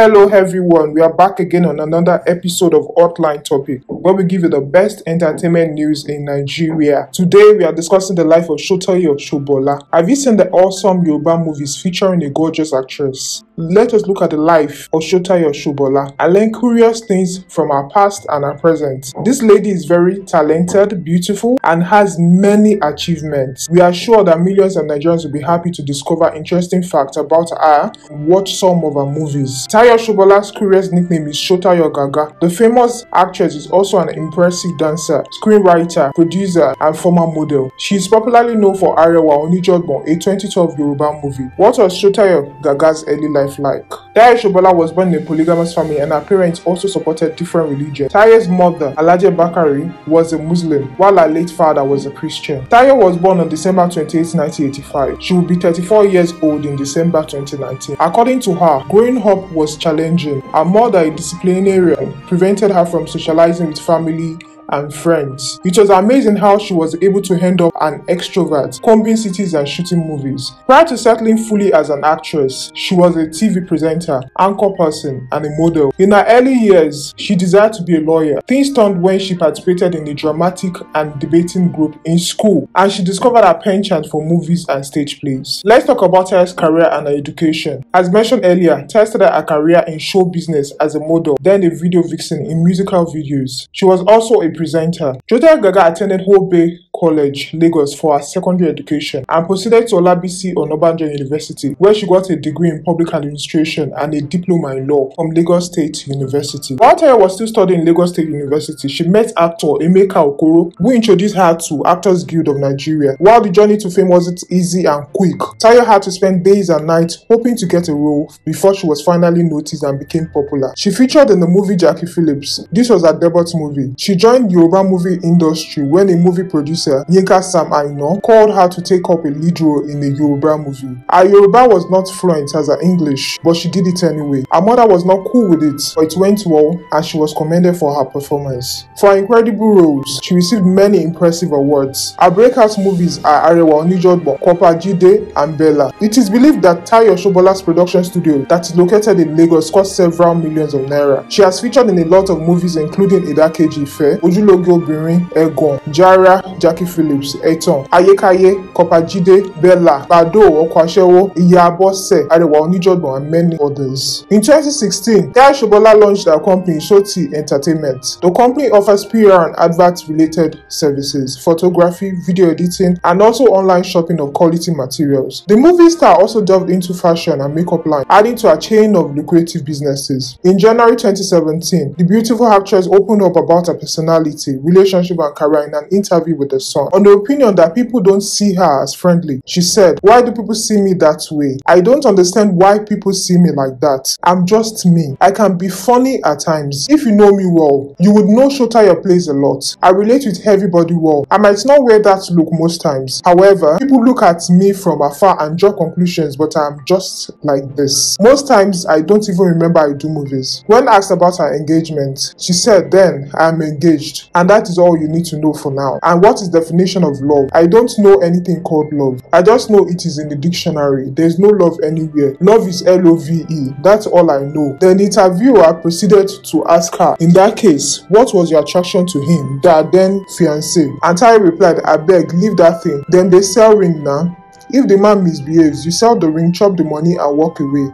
Hello everyone, we are back again on another episode of Outline Topic, where we give you the best entertainment news in Nigeria. Today we are discussing the life of Shotoyi Oshobola. Have you seen the awesome Yoruba movies featuring a gorgeous actress? Let us look at the life of Shotoyi Oshobola and learn curious things from her past and her present. This lady is very talented, beautiful, and has many achievements. We are sure that millions of Nigerians will be happy to discover interesting facts about her and watch some of her movies. Tayo curious nickname is Shota Yagaga. The famous actress is also an impressive dancer, screenwriter, producer, and former model. She is popularly known for Arewa Onijodbon, a 2012 Yoruba movie. What was Shota Yagaga's early life like? Taya Shobola was born in a polygamous family and her parents also supported different religions. Taya's mother, Alaje Bakari, was a Muslim, while her late father was a Christian. Taya was born on December 28, 1985. She will be 34 years old in December 2019. According to her, growing up was challenging. Her mother, a disciplinarian, prevented her from socializing with family and friends. It was amazing how she was able to end up an extrovert, combing cities and shooting movies. Prior to settling fully as an actress, she was a TV presenter, anchor person, and a model. In her early years, she desired to be a lawyer. Things turned when she participated in a dramatic and debating group in school, and she discovered her penchant for movies and stage plays. Let's talk about Tess' career and her education. As mentioned earlier, Tess started her career in show business as a model, then a video vixen in musical videos. She was also a presenter. Jota Gaga attended Hope Bay College, Lagos for her secondary education and proceeded to Olabisi Onabanjo University where she got a degree in public administration and a diploma in law from Lagos State University. While Tayo was still studying in Lagos State University, she met actor Emeka Okoro who introduced her to Actors Guild of Nigeria. While the journey to fame wasn't easy and quick, Tayo had to spend days and nights hoping to get a role before she was finally noticed and became popular. She featured in the movie Jackie Phillips. This was her debut movie. She joined the Yoruba movie industry when a movie producer Niger Yinka Sam Aino called her to take up a lead role in a Yoruba movie. Her Yoruba was not fluent as her English, but she did it anyway. Her mother was not cool with it, but it went well and she was commended for her performance. For her incredible roles, she received many impressive awards. Her breakout movies are Arewa Onijodbo, Kopa Jide, and Bella. It is believed that Tayo Shobola's production studio that is located in Lagos cost several millions of naira. She has featured in a lot of movies including Idakeji Ife, Ojulogi Obirin, Egon, Jara, Jack Jackie Phillips Etan Ayékáyé Kọ́pájídé Bella Bado, ọkọ̀ aṣẹ́wó Adewa Bọ́sẹ̀ Arẹwà and many others. In 2016, Daya Shobola launched her company Shoti Entertainment. The company offers PR and advert-related services, photography, video editing, and also online shopping of quality materials. The movie star also delved into fashion and makeup line, adding to a chain of lucrative businesses. In January 2017, the beautiful actress opened up about her personality, relationship, and career in an interview with the son. On the opinion that people don't see her as friendly, she said, Why do people see me that way? I don't understand why people see me like that. I'm just me. I can be funny at times. If you know me well, you would know your plays a lot. I relate with everybody well. I might not wear that look most times. However, people look at me from afar and draw conclusions, but I'm just like this. Most times, I don't even remember I do movies. When asked about her engagement, she said, Then I am engaged, and that is all you need to know for now. And what is the definition of love. I don't know anything called love. I just know it is in the dictionary. There's no love anywhere. Love is L O V E. That's all I know. Then the interviewer proceeded to ask her, In that case, what was your attraction to him, that then fiancé? And Tari replied, I beg, leave that thing. Then they sell ring now. If the man misbehaves, you sell the ring, chop the money, and walk away.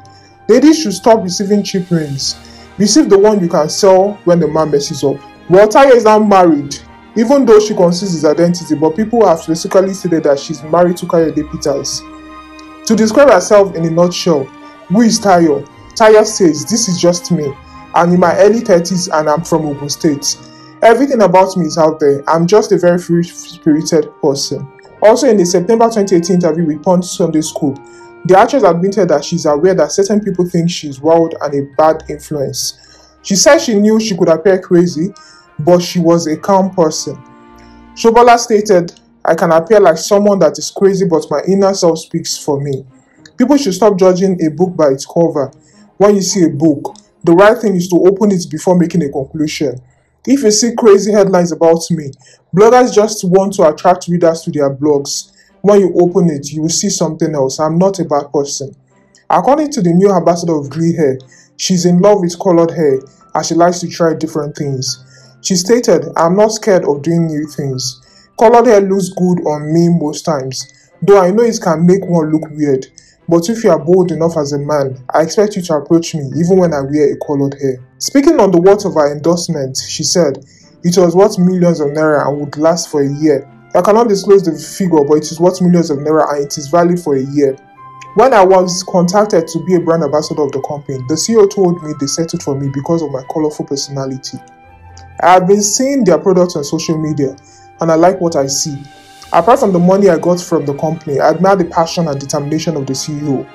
Ladies should stop receiving cheap rings. Receive the one you can sell when the man messes up. Well, Taya is now married even though she conceals his identity, but people have specifically stated that she's married to Kayode Peters. To describe herself in a nutshell, who is Tayo? Tayo says, This is just me. I'm in my early 30s and I'm from Ogun State. Everything about me is out there. I'm just a very free spirited person. Also, in the September 2018 interview with Pond Sunday School, the actress admitted that she's aware that certain people think she's wild and a bad influence. She said she knew she could appear crazy, but she was a calm person. Shobala stated, I can appear like someone that is crazy, but my inner self speaks for me. People should stop judging a book by its cover. When you see a book, the right thing is to open it before making a conclusion. If you see crazy headlines about me, bloggers just want to attract readers to their blogs. When you open it, you will see something else. I'm not a bad person. According to the new ambassador of Glee Hair, she's in love with colored hair and she likes to try different things. She stated, I'm not scared of doing new things. Colored hair looks good on me most times, though I know it can make one look weird. But if you are bold enough as a man, I expect you to approach me even when I wear a colored hair. Speaking on the words of her endorsement, she said, It was worth millions of naira and would last for a year. I cannot disclose the figure, but it is worth millions of naira and it is valid for a year. When I was contacted to be a brand ambassador of the company, the CEO told me they settled for me because of my colorful personality. I have been seeing their products on social media and I like what I see. Apart from the money I got from the company, I admire the passion and determination of the CEO.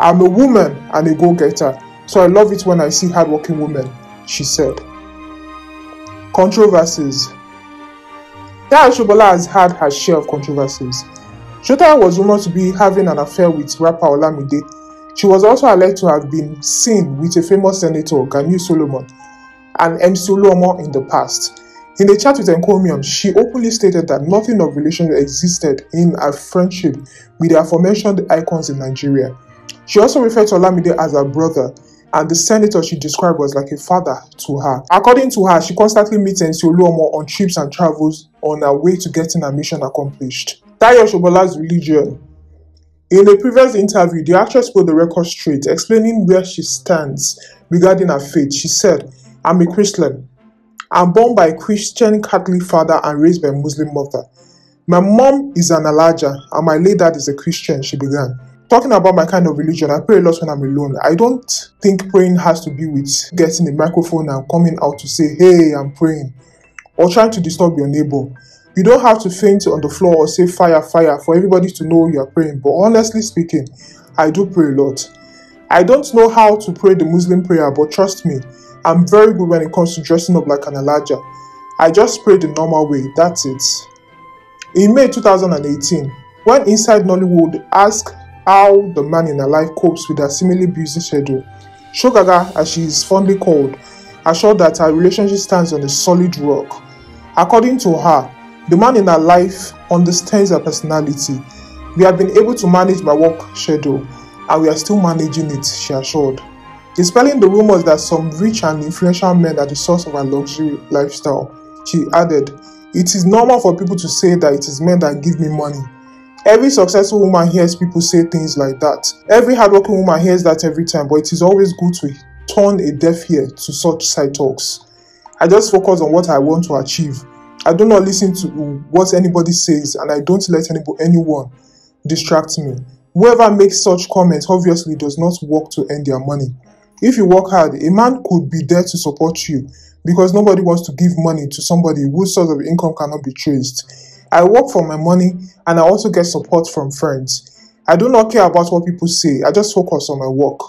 I'm a woman and a go getter, so I love it when I see hardworking women, she said. Controversies Dara Shobola has had her share of controversies. Shota was rumored to be having an affair with rapper Olamide. She was also alleged to have been seen with a famous senator, Ganyu Solomon, and Emsoluomo in the past. In a chat with Encomium, she openly stated that nothing of relation existed in her friendship with the aforementioned icons in Nigeria. She also referred to Olamide as her brother, and the senator she described was like a father to her. According to her, she constantly meets Ensioluomo on trips and travels on her way to getting her mission accomplished. Tayo Shobola's religion in a previous interview, the actress put the record straight, explaining where she stands regarding her faith. She said, I'm a Christian. I'm born by a Christian Catholic father and raised by a Muslim mother. My mom is an Alaja and my late dad is a Christian, she began. Talking about my kind of religion, I pray a lot when I'm alone. I don't think praying has to be with getting a microphone and coming out to say, hey, I'm praying, or trying to disturb your neighbor. You don't have to faint on the floor or say fire, fire for everybody to know you are praying. But honestly speaking, I do pray a lot. I don't know how to pray the Muslim prayer, but trust me, I'm very good when it comes to dressing up like an Elijah. I just pray the normal way, that's it. In May 2018, when Inside Nollywood asked how the man in her life copes with her seemingly busy schedule, Shogaga, as she is fondly called, assured that her relationship stands on a solid rock. According to her, the man in her life understands her personality. We have been able to manage my work schedule and we are still managing it, she assured. Dispelling the rumors that some rich and influential men are the source of our luxury lifestyle, she added, It is normal for people to say that it is men that give me money. Every successful woman hears people say things like that. Every hardworking woman hears that every time, but it is always good to turn a deaf ear to such side talks. I just focus on what I want to achieve. I do not listen to what anybody says and I don't let anybody, anyone distract me. Whoever makes such comments obviously does not work to earn their money. If you work hard, a man could be there to support you because nobody wants to give money to somebody whose source of income cannot be traced. I work for my money and I also get support from friends. I do not care about what people say, I just focus on my work.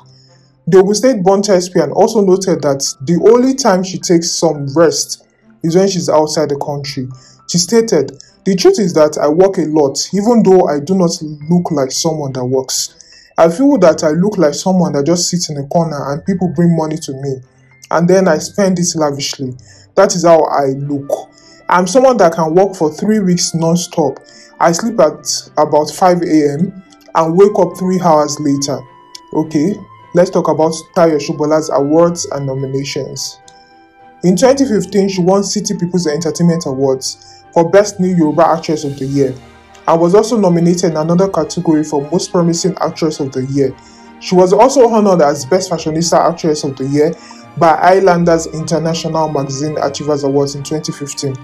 The Ogun State born thespian also noted that the only time she takes some rest is when she's outside the country. She stated, The truth is that I work a lot, even though I do not look like someone that works. I feel that I look like someone that just sits in a corner and people bring money to me and then I spend it lavishly. That is how I look. I'm someone that can work for three weeks non stop. I sleep at about 5 a.m. and wake up three hours later. Okay, let's talk about Tayo Shubola's awards and nominations. In 2015, she won City People's Entertainment Awards for Best New Yoruba Actress of the Year and was also nominated in another category for Most Promising Actress of the Year. She was also honored as Best Fashionista Actress of the Year by Islanders International Magazine Achievers Awards in 2015.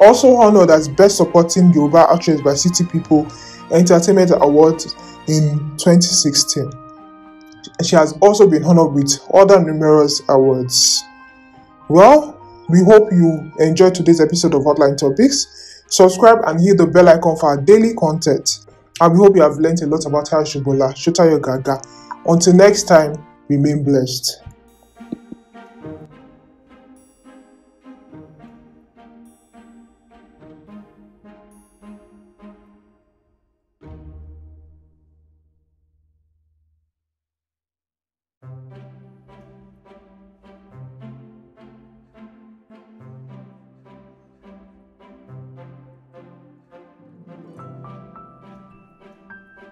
Also honored as Best Supporting Yoruba Actress by City People Entertainment Awards in 2016. She has also been honored with other numerous awards. Well, we hope you enjoyed today's episode of Hotline Topics. Subscribe and hit the bell icon for our daily content. And we hope you have learned a lot about Hayashibola, Shota Yogaga. Until next time, remain blessed.